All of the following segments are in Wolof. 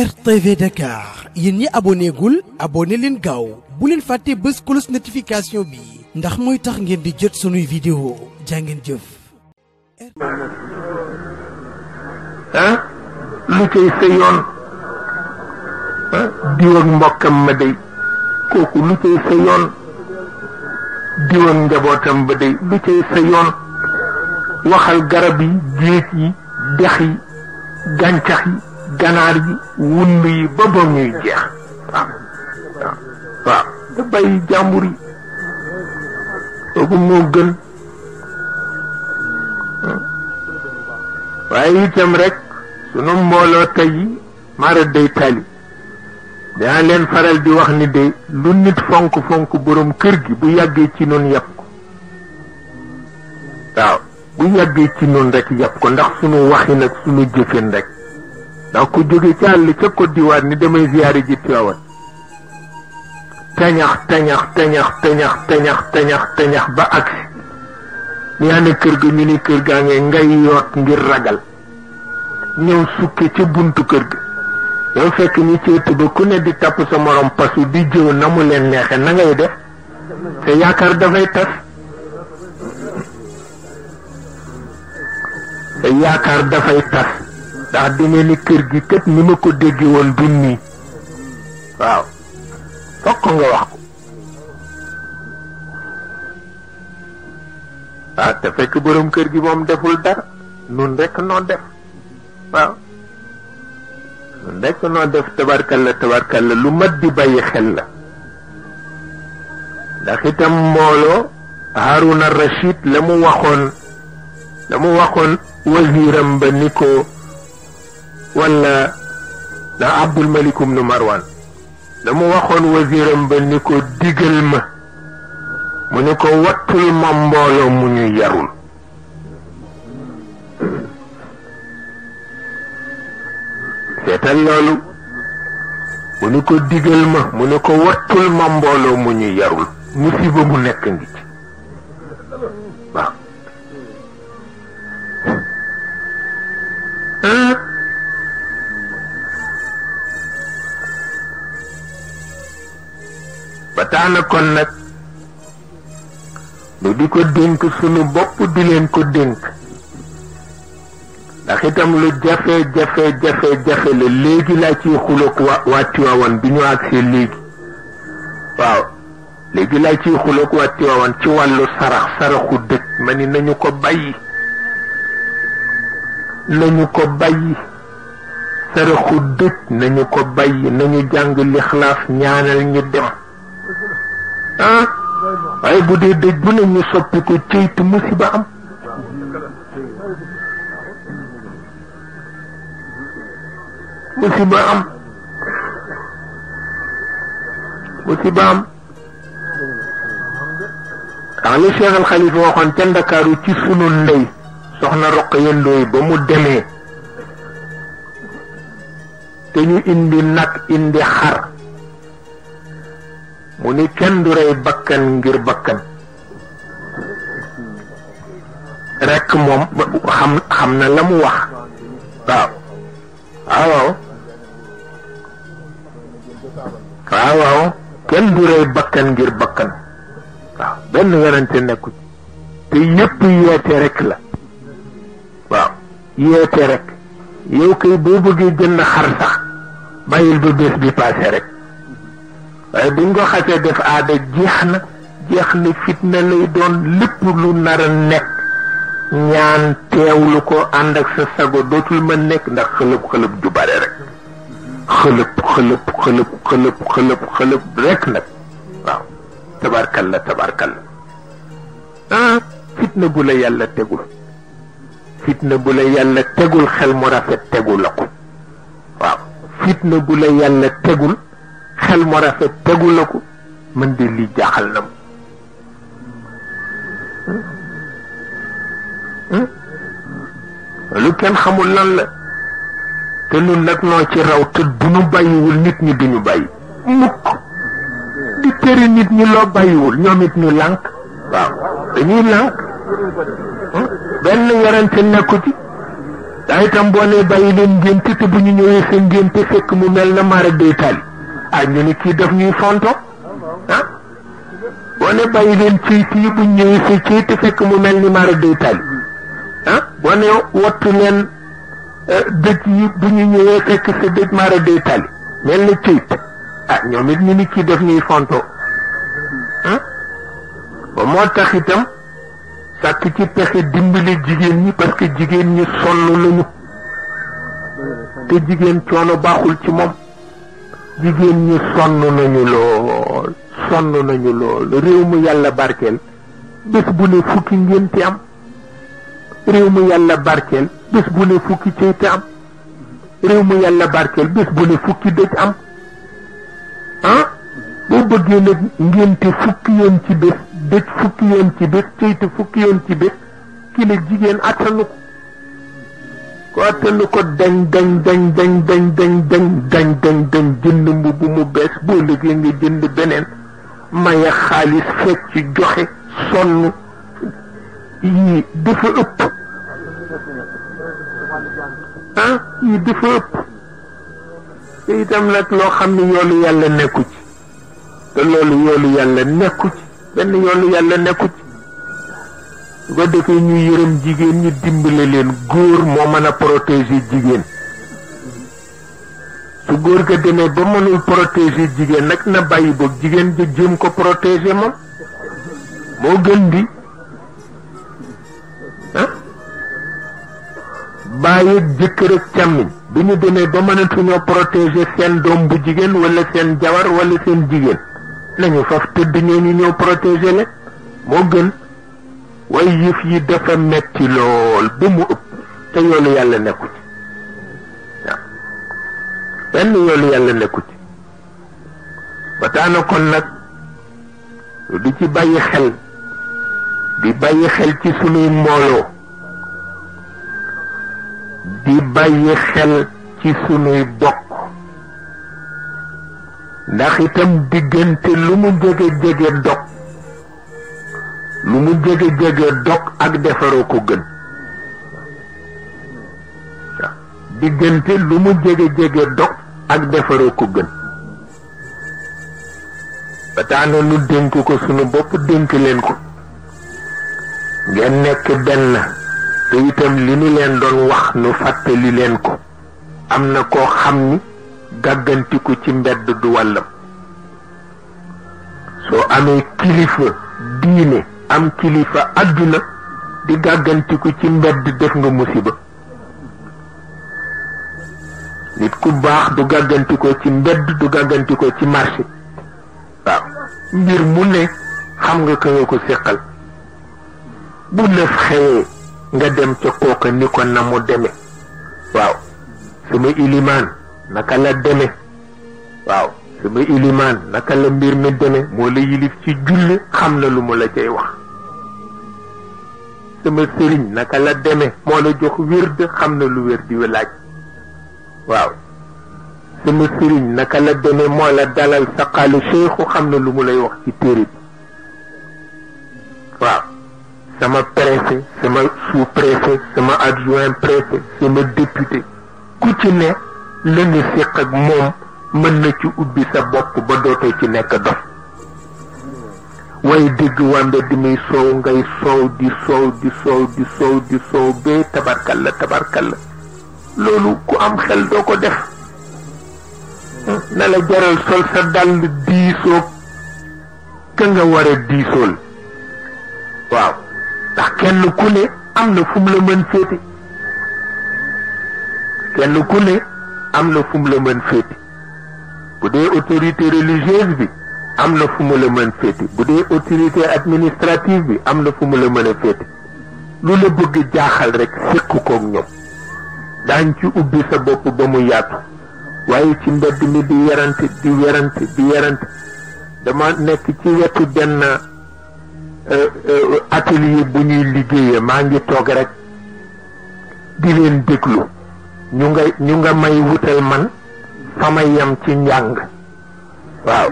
RTV Dakar yéen yi aboneegul gul leen gaaw bu leen fàtte bés close notification bi ndax mooy tax ngeen di jët suñuy vidéo jàngeen jëf. ah lu cay sa yoon ah mbokkam ma day kooku lu cay sa yoon diw njabootam ba day lu cay sa yoon waxal garab yi géej yi dex yi gàncax yi. ganaar yi wund yi ba ba ñuy jeex waaw waaw bàyyi jàmbur yi kooku moo gën waaye itam rek sunu mbooloo tey mara day tali danaa leen faral di wax ni de lu nit fonk fonk boroom kër gi bu yàggee ci noonu yàpp ko waaw bu yàggee ci noonu rekk yàpp ko ndax sunu waxin ak sunu jëfin rek ndax ku jóge ca àll ca Côte d'Ivoire ni damay ziyaare ji Tiwaawan tañax tañax tañax tañax tañax tañax tañax ba agsi ni ana kër ga ñu ne kër gaa nge ngay yoot ngir ragal ñëw sukke ca buntu kër ga yow fekk ñi ci ëtt ba ku ne di tapp sa morom pasu di jëw na mu leen neexe na def te yaakaar dafay tas te yaakaar dafay tas ndax di ne ni kër gi tëb ni ma ko dégge woon du nii waaw fokk nga wax ko waaw ah, te fekk borom kër gi moom deful dara nun rekk noo def waaw nun rekk noo def tabarkalla tabarkalla lu mat di bàyyi xel la ndax itam mbooloo Haruna Rachid la mu waxoon la mu waxoon wasiiram ba ni ko wala la abdul malikum nu marwan la waxoon wasiram ba ni ko digal ma mu ni ko wattul ma mbooloo mu ñu yarul seetal loolu mu ni ko digal ma mu ni ko wattul ma mbooloo mu ñu yarul musiba mu nekk ngi ci daana kon nag lu di ko dénk sunu bopp di leen ko dénk ndax itam lu jafe jafe jafe jafe la léegi laa ciy xuloog waa waa Tiwaawan bi ñu agsee léegi waaw léegi laa ciy xuloog waa Tiwaawan ci wàllu sarax saraxu dëkk ma ni nañu ko bàyyi nañu ko bàyyi saraxu dëkk nañu ko bàyyi nañu jàng lixlaas ñaanal ñu dem ah waaye bu dee dëj bu ne ñu ko ceytu musiba am musiba am musiba am ndax li Cheikh Al waxoon ca Ndakaaru ci sunu ndey soxna roq yendooy ba mu demee te ñu indi nag indi xar mu ni kenn du rey bakkan ngir bakkan rekk moom xam xam na la mu wax waaw waaw waaw waaw kenn du rey bakkan ngir bakkan waaw benn werante nekku te yépp yeete rek la waaw yeete rek yow kay boo bëggee jënd xar sax bàyyil ba bés bi paase rek waaye buñ ko xasee def aada jeex na jeex na fitna lay doon lépp lu nar a nekk ñaan teewlu ko ànd ak sa sago dootul mën nekk ndax xëlëb xëlëb ju bare rek xëlëb xëlëb xëlëb xëlëb xëlëb rek nag waaw tabarkal la tabarkal la ah fitna bu la yàlla tegul fitna bu la yàlla tegul xel mu rafet tegu la ko waaw fitna bu la yàlla tegul xel mu rafet tegu la ko mën de lii jaaxal na mu lu kenn xamul lan la te nun nag noo ci raw te duñu bàyyiwul nit ñi duñu bàyyi mukk di tere nit ñi loo bàyyiwul ñoom it ñu lànk waaw dañuy lànk benn werante nekku ci daa itam boo nee bàyyi leen ngénte te bu ñu ñëwee sa ngénte fekk mu mel na mara day tali ah ñu nit kii def ñuy fonto ah boo ne bàyyi leen ciy kii bu ñëwee si kii te fekk mu mel ni mara day tali ah boo ne wattu leen eh, dëj yi bu ñu ñëwee fekk sa dëj mara day tali mel ni ciy ah ñoom it ñu ni kii daf ñuy fonto ah ba moo tax itam sàkk ci pexe dimbali jigéen ñi parce que jigéen ñi sonn lañu te jigéen coono baaxul ci moom jigéen ñi sonn nañu lool sonn nañu lool réew mu yàlla barkeel bés bu ne fukki ngénte am réew mu yàlla barkeel bés bu ne fukki ceyte am réew mu yàlla barkeel bés bu ne fukki dëj am ah boo bëggee nag ngénte fukki yoon ci bés dëj fukki yoon ci bés ceyte fukki yoon ci bés ki ne jigéen attanu ko ko attanu ko dañ dañ dañ dañ dañ dañ dañ dañ dañ dañ jënd mbubb mu bees boo liggéey nga jënd beneen maye xaalis fecc joxe sonn yii dafa ëpp ah yii dafa ëpp te itam nag loo xam ne yoolu yàlla nekku ci te loolu yoolu yàlla nekku ci benn yoolu yàlla nekku ci su ko defee ñu yërëm jigéen ñi dimbale leen góor moo mën a protéger jigéen su góor ga demee ba mënul protéger jigéen nag na bàyyi boog jigéen ja jéem ko protéger moom moo gën bi ah bàyyi jëkkër ak càmmiñ bu ñu demee ba mënatuñoo protéger seen doom bu jigéen wala seen jabar wala seen jigéen nañu faf tëdd ñooñu ñëw protéger la moo gën way yëf yi dafa metti lool ba mu ëpp te yoonu yàlla nekku ci waaw benn yoonu yàlla nekku ci ba taana kon nag di ci bàyyi xel di bàyyi xel ci sunuy mbooloo di bàyyi xel ci sunuy bokk ndax itam diggante lu mu jege jege dox lu mu jege jege dog ak defaroo ko gën waaw diggante lu mu jége jége dog ak defaroo ko gën ba tax na nu dénk ko sunu bopp dénk leen ko ngeen nekk benn te itam li nu leen doon wax nu fàttali leen ko am na koo xam ni gàggantiku ci mbedd du wàllam soo amee kilifa diine am kilifa àdduna di gàggantiku ci mbedd def nga musiba nit ku baax du gàggantikoo ci mbedd du gàggantikoo ci marché waaw mbir mu ne xam nga ka nga ko séqal bu lëf xewee nga dem ca kooka ni ko na mu deme waaw sama ilimaan naka la deme waaw sama ilimaan naka la mbir mi deme moo la yilif ci julle xam na lu mu la cay wax sama sëriñ naka la demee moo la jox wérd xam na lu wér di laaj waaw sama sëriñ naka la demee moo la dalal saqaalu seexu xam na lu mu lay wax ci téere bi waaw sama préfet sama sous préfet sama adjoint préfet sama député ku ci ne la nga séq moom mën na ci ubbi sa bopp ba dootoo ci nekk dof way dégg wàmbe di muy soow ngay soow di soow di soow di soow di soow bee tabarkal la tabarkal la loolu ku am xel doo ko def na la jaral sol sa dàll diisoo ka nga war a diisool waaw ndax kenn ku ne am na fu mu la mën féete kenn ku ne am na fu mu la mën féete bu dee autorité religieuse bi am na fu mu la mën féeti bu dee autorité administrative bi am na fu mu la mën a féeti lu la bëgg jaaxal rek séq koog ñoom daañ ci ubbi sa bopp ba mu yaatu waaye ci mbedd mi di werante di werante di werante dama nekk ci wetu benn euh, euh, atelier bu ñuy liggéeyee maa ngi toog rek di leen déglu ñu nga ñu nga may wutal man sama yam ci njàng waaw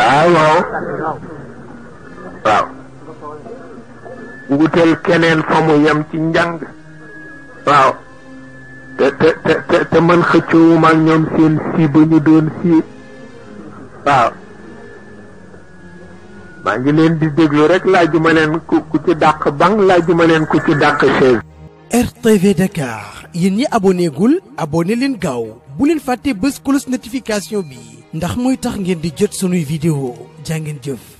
waaw waaw wutal keneen fa mu yem ci njàng waaw te te te te man xëccoowuma ñoom seen si ba ñu doon sii waaw maa ngi leen di déglu rek laajuma leen ku ci dàq banq laajuma leen ku ci dàq chaise RTV Dakar yéen ñi aboné gul leen gaaw bu leen fàtte bés close notification bi ndax muy tax ngeen di jët sunuy vidéo jàngeen ngeen jëf